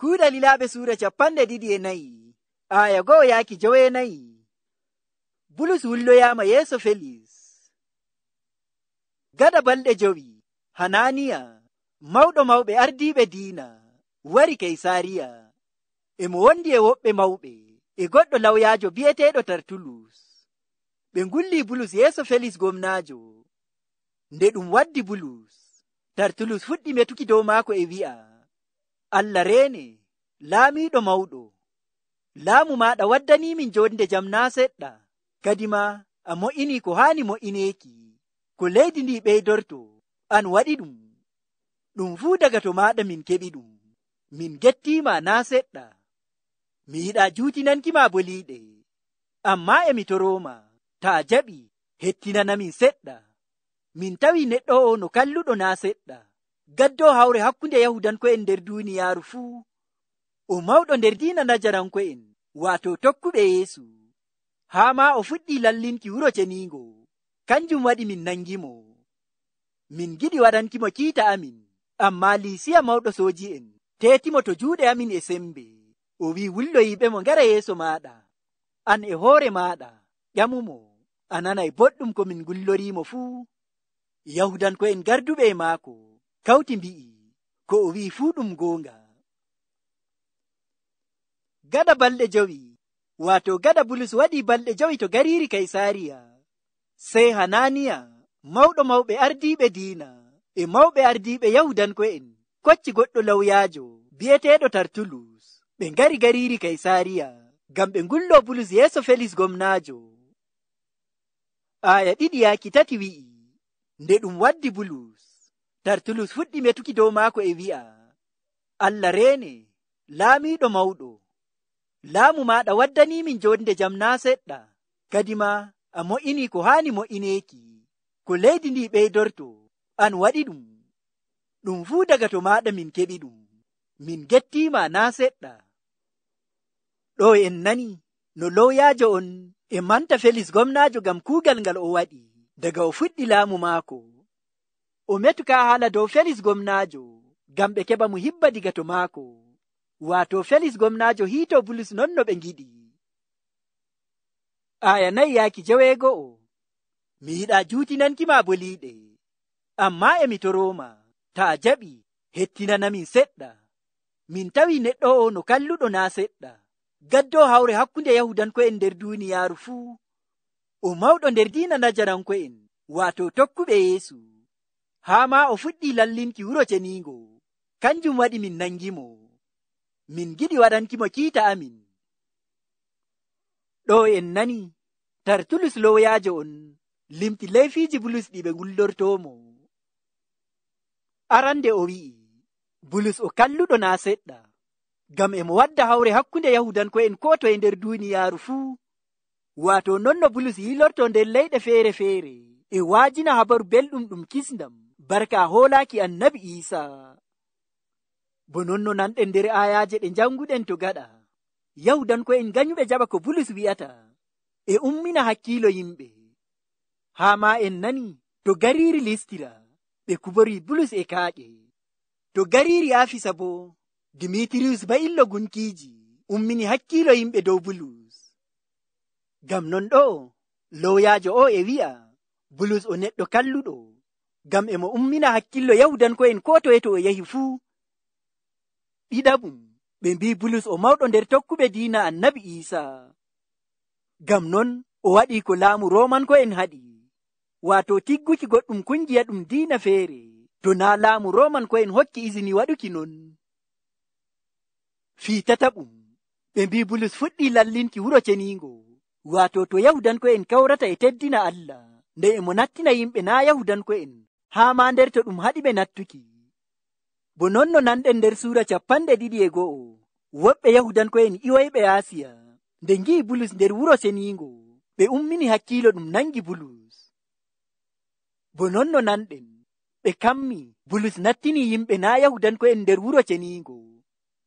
kuuɗa lilaaɓe suura capanɗe ɗiɗi e nayi aya go'o yaaki jowe nayi bulus wulloyaama yeeso feliis gada balɗe jowi hananiya mawɗo mawɓe ardiiɓe diina wari keisariya emo wondi e woɓɓe mawɓe e goɗɗo lawyaajo bi'eteeɗo tartulus ɓe ngulli bulus yeeso feliis gomnaajo nde ɗum waddi bulus tartulus fuɗɗi metuki dow maako e wi'a allah rene laamiɗo mawɗo laamu maɗa waddanimin jonde jam na seɗɗa kadi ma a mo'ini ko haani mo'ineeki ko leydi ndi ɓeydorto an waɗi ɗum ɗum fuu daga to maɗa min keɓi ɗum min gettima na seɗɗa mi yiɗa juutinankima bo liɗe amma emi toroma ta a jaɓi hettinanamin seɗɗa min tawi neɗɗo o no kalluɗo na seɗɗa gaddo hawre hakkunde yahudanko en nder duniyaaru fuu o mawɗo nder dina najaranko en waato tokkuɓe yeesu haa ma o fuɗɗi lallinki wuro ceniingo kanjum waɗi min nangimo min giɗi waɗankimo kiita amin amma liisiya mawɗo sooji en teetimo to juuɗe amin e sembe o wi'i wulloyiɓe mo ngara yeeso maaɗa an e hoore maaɗa ƴamumo a nanay boɗɗum ko min gullorimo fuu yahudanko en garduɓe e maako kauti mbi'i ko o wi fuu ɗum goonga gada balɗe jowi waato gada bulus waɗi balɗe jowi to gariri kaisariya sey hananiya mawɗo mawɓe ardiiɓe diina e mawɓe ardiiɓe yahudanko'en kocci goɗɗo lawyaajo bi'eteeɗo tartulus ɓe ngari gariri kaisariya ngam ɓe ngullo bulus yeeso felis gomnaajo aya ɗiɗi yaaki tati wi'i nde ɗum waddi bulus tartulus fuɗɗi metuki dow maako e wi'a allah reene laamiiɗo mawɗo laamu maaɗa waddaniimin jonde jam naa seɗɗa kadi ma a mo'ini ko haani mo'ineeki ko leydi ndi ɓeydorto an waɗi ɗum ɗum fuu daga to maaɗa min keɓi ɗum min gettiima naa seɗɗa ɗo en nani no lowyaajo on e manta felis gomnaajo ngam kuugal ngal o waɗi daga o fuɗɗi laamu maako o metuka haala dow felis gomnaajo ngam ɓe keɓa mo hibba diga to maako waato felis gomnaajo hiito bulus non no ɓe ngiɗi aya nayi yaaki jeweego'o mi yiɗa juutinanki ma boliiɗe amma emi toroma ta a jaɓi hettinanamin seɗɗa min tawi neɗɗo o no kalluɗo naa seɗɗa gaddo hawre hakkunde yahudanko'en nder duuniyaaru fuu o mawɗo nder diina najaranko'en waato tokkuɓe yeesu haa ma o fuɗɗi lallinki wuro ceniingo kanjum waɗi min nangimo min giɗi waɗankimo kiita amin ɗo en nani tartulus lowyaajo on limti leyfiiji bulus ɗi ɓe gullortoomo arande o wi'i bulus o kalluɗo naa seɗɗa ngam emo wadda hawre hakkunde yahudan ko en ko to e nder duuniyaaru fuu waato non no bulus yilorto nder leyɗe feere feere e waajina habaru belɗum ɗum kisndam barka holaki annabi isa bo nonno nanɗen nder ayaje ɗe janguɗen to gaɗa yahudan ko en ganyuɓe jaɓa ko bulus wi'ata e ummina hakkilo yimɓe haa ma en nani to gariri listira ɓe kubori bulus e kaaƴe to gariri afisa bo dimitriyus ba'illo gunkiiji ummini hakkilo yimɓe dow bulus ngam non ɗo lowyaajo o e wi'a bulus o neɗɗo kalluɗo ngam emo ummina hakkillo yahudan ko en ko toye to o yahi fuu ɗiɗaɗum ɓe mbi bulus o mawɗo nder tokkuɓe diina annabi isa ngam non o waɗi ko laamu roman ko en haɗi waato tigguki goɗɗum kungiya ɗum diina feere to naa laamu roman ko en hokki isini waɗuki non fiitata ɗum ɓe mbi bulus fuɗɗi lallinki wuro ceniingo waato to yahudan ko en kawrata e teddina allah nde emo nattina yimɓe naa yahudan ko en haa ma nder to ɗum haɗi ɓe nattuki bo nonno nanɗen nder suura capanɗe ɗiɗi e go'o woɓɓe yahudankoen iwayɓe asiya nde ngi'i bulus nder wuro seniingo ɓe ummini hakkiilo ɗum nangi bulus bo nonno nanɗen ɓe kammi bulus nattini yimɓe naa yahudanko'en nder wuro ceniingo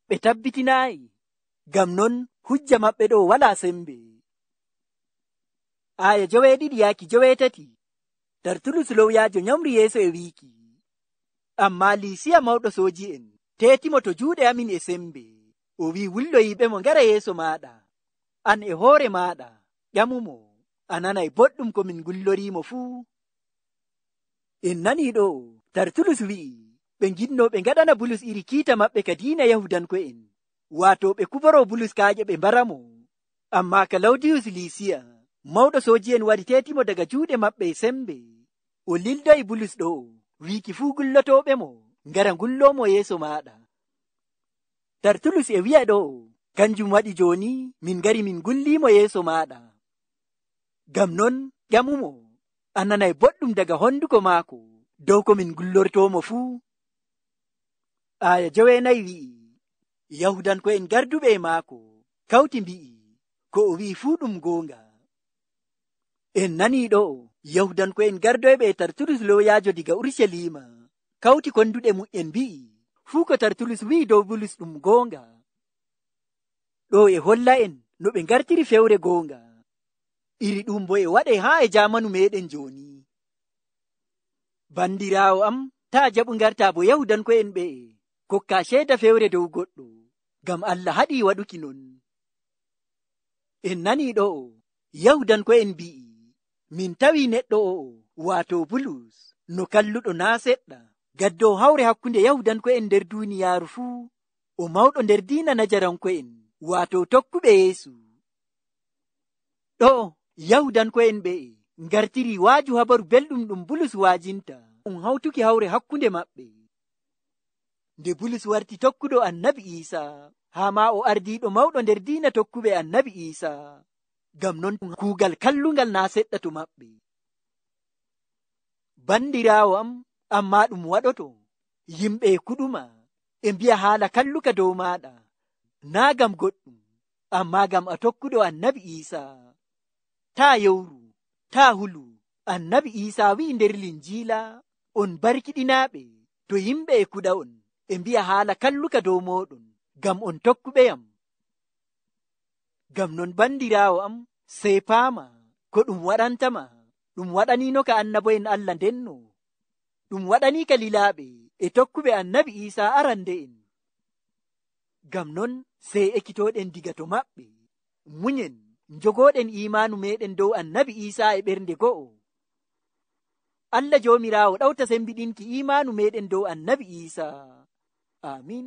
ɓe tabbitinaayi ngam non hujja maɓɓe ɗo walaa sembe aya joweeɗiɗi yaaki joweetati tartulus lowyajo nyamri yeeso e wiki amma lisiya mawɗo soji en tetimo to juuɗe amin e sembe o wi wulloyiɓe mo ngara yeeso maɗa an e hoore maɗa ƴamumo a nanay boɗɗum komin gullorimo fuu en nani ɗo tartulus wi'i ɓe ginnoɓe gaɗana bulus iri kiita maɓɓe ka diina yahudanko'en wato ɓe kuboro bulus kaƴe ɓe mbaramo amma kalawdiyus lisiya mawɗo soji en wari tetimo daga juuɗe maɓɓe sembe o lildayi bulus ɗo wiiki fuu gullotoɓe mo ngara ngullomo yeeso maɗa tartulus e wi'a ɗo kanjum waɗi joni min ngari min gullimo yeeso maɗa gam non ƴamumo ananay boɗɗum daga honduko maako dow komin gullortomo fuu aya jowenayi wi'i yahudan ko en garduɓe e maako kawti mbi'i ko o wi'i fuu ɗum gonga en naniɗo yahudan ko en gardoyɓe e tartulus loyajo diga urusalima kawti konduɗe mu en mbi'i fuu ko tartulus wi'i dow bulus ɗum goonga ɗo e holla en no ɓe gartiri fewre goonga iri ɗum bo e waɗe haa e jamanu meɗen joni bandirawo am taa jaɓu garta bo yahudan ko en ɓe kokka sheda fewre dow goɗɗo gam allah haɗi waɗuki non en nani ɗo yahudan ko en mbi'i min tawi neɗɗo o wato bulus no kalluɗo na seɗɗa gaddo hawre hakkunde yahudanko en nder duniyaaru fuu o mawɗo nder dina najaranko en wato tokkuɓe yeesu ɗo yahudanko en ɓe ngartiri waaju habaru belɗum ɗum bulus waajinta um hawtuki hawre hakkunde maɓɓe nde bulus warti tokkuɗo annabi iisaa haa ma o ardiiɗo mawɗo nder diina tokkuɓe annabi iisaa gam non kuugal kallugal na seɗɗatu maɓɓe bandirawo am amma ɗum waɗoto yimɓe kuɗuma e mbiya haala kalluka dow maɗa na gam goɗɗum amma gam a tokkuɗo annabi isa ta yewru ta hulu annabi isa wi'i nder linjiila on barkiɗinaɓe to yimɓe kuɗa on e mbiya haala kalluka dow moɗon gam on tokkuɓeyam gam non bandirawo am sefama ko ɗum waɗantama ɗum waɗanino ka annabo en allah ndenno ɗum waɗani ka lilaɓe e tokkuɓe annabi isa arande en gam non sey ekkitoɗen diga to maɓɓe muyen jogoɗen imanu meɗen dow annabi isa e ɓernde go'o allah jomirawo ɗawta sembiɗinki imanu meɗen dow annabi isa amin